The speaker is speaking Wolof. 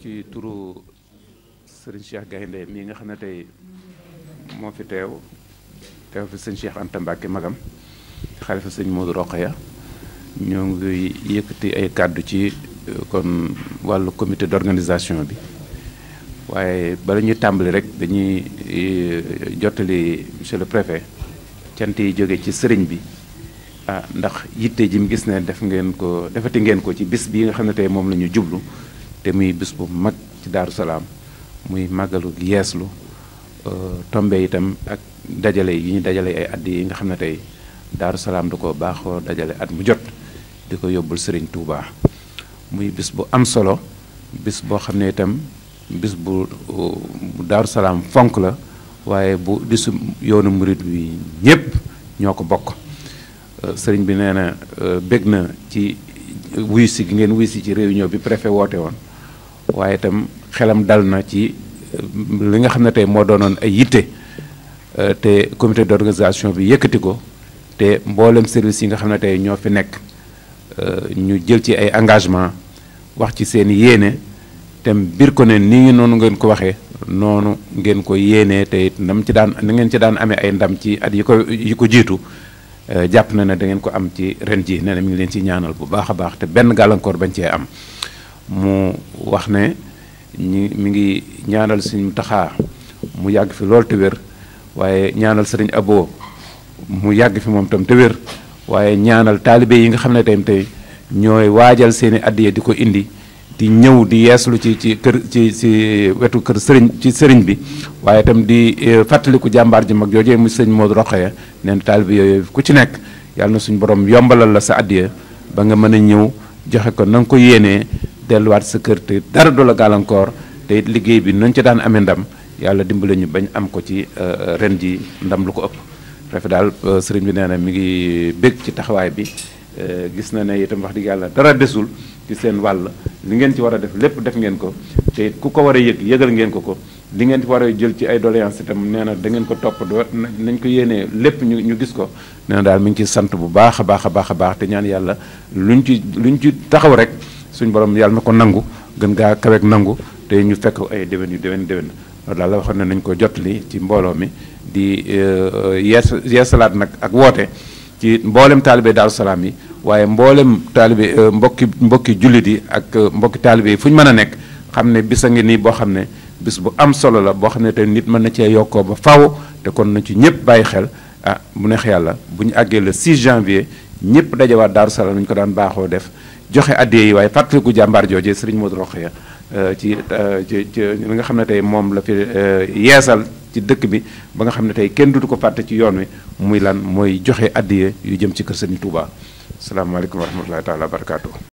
ci turu sëriñ Cheikh Gaynde mii nga xam ne tey moo fi teew teew fi sëñ Cheikh Anta Mbacke magam xalifa sëñ Modou Rokhaya ñoo ngi yëkkati ay kàddu ci euh, kon wàllu comité d'organisation bi waaye bala ñu tàmbali rek dañuy euh, jottali monsieur le préfet cant yi jóge ci sëriñ bi ah ndax yitte ji mu gis ne def ngeen ko defati ngeen ko ci bis bi nga xam ne tey moom la ñu jublu te muy bis bu mag ci Daaru Salaam muy màggalu yeeslu euh, tombe itam ak dajale yi ñu dajale ay addi yi nga xam ne tey Daaru Salaam da ko baaxoo dajale at mu jot di ko yóbbul Sëriñ Tuubaa muy bis bu am solo bis boo xam ne itam bis bu Daaru Salaam fonk la waaye bu disu yoonu murit wi ñépp ñoo ko bokk euh, sëriñ bi nee na euh, bég na ci wuyu si gi ngeen wuyu si ci réunion bi préfet woote woon waaye itam xelam dal na ci euh, li nga xam ne tey moo doonoon ay yitte euh, te comité d'organisation bi yëkkati ko te mboolem service yi nga xam ne tey ñoo fi nekk euh, ñu jël ci ay engagement wax ci seen yéene te mbir ko ne nii noonu ngeen ko waxee noonu ngeen ko yéenee tey it ndam ci daan na ngeen ci daan amee ay ndam ci at yi ko yi ko jiitu jàpp na ne da ngeen ko am ci ren ji ne na mi ngi leen ci ñaanal bu baax a baax te benn gàllankoor bañ cee am mu wax ne ñi mi ngi ñaanal suñu taxaa mu yàgg fi lool te waaye ñaanal sëriñ Abo mu yàgg fi moom tam te waaye ñaanal taalibe yi nga xam ne tam tey ñooy waajal seeni i di ko indi di ñëw di yeeslu ci ci kër ci ci wetu kër sëriñ ci sëriñ bi waaye tam di eh, fàttaliku jàmbaar ji mag joojee mu sëriñ Modou Rokhaya neen taalibe yooyu ku ci nekk yàlla na suñu borom yombalal la sa addiya ba nga mën a ñëw joxe ko nanga ko yéenee delluwaat sa kër te dara du la gàllankoor te it liggéey bi nañ ci daan amee ndam yàlla dimbale ñu bañ am ko ci euh, ren ji ndam lu ko ëpp. préfet daal euh, sëriñ bi nee na mi ngi bég ci taxawaay bi euh, gis na ne itam wax dëgg yàlla dara desul ci seen wàll li ngeen ci war a def lépp def ngeen ko te ku ko war a yëg yëgal ngeen ko ko. li ngeen war a jël ci ay doléance itam nee na da ngeen ko topp do nañ ko yéenee lépp ñu ñu gis ko nee daal mi ngi ci sant bu baax a baax a baax a baax te ñaan yàlla luñ ci luñ ci taxaw rek suñ borom yàlla na ko nangu gën gaa kaweeg nangu te ñu fekk ay déwén yu déwén déwén loolu daal la waxoon ne nañ ko jotali ci mbooloo mi di euh, yees yeesalaat nag ak woote ci mboolem taalibe Daaru Salaam yi waaye mboolem taalibe euh, mbokki mbokki jullit yi ak euh, mbokki taalibe yi fu ñu mën a nekk xam ne bis a ngi nii boo xam ne bis bu am solo la boo xam ne te nit mën na cee yokkoo ba faw te kon na ci ñëpp bàyyi xel ah mu neex yàlla bu ñu àggee le 6 janvier ñëpp dajawaat Daaru Salaam ñu ko daan baaxoo def joxe addee yi waaye fàttaliku jàmbaar jooje sëriñ Modou Rokhaya euh, euh, ci ci ci li nga xam ne tey moom la fi euh, yeesal ci dëkk bi ba nga xam ne tey kenn dutu ko fàtte ci yoon wi muy lan mooy joxe addee yu jëm ci kër sëriñ Touba asalaamaaleykum wa rahmatullahi taala wa barakaatu.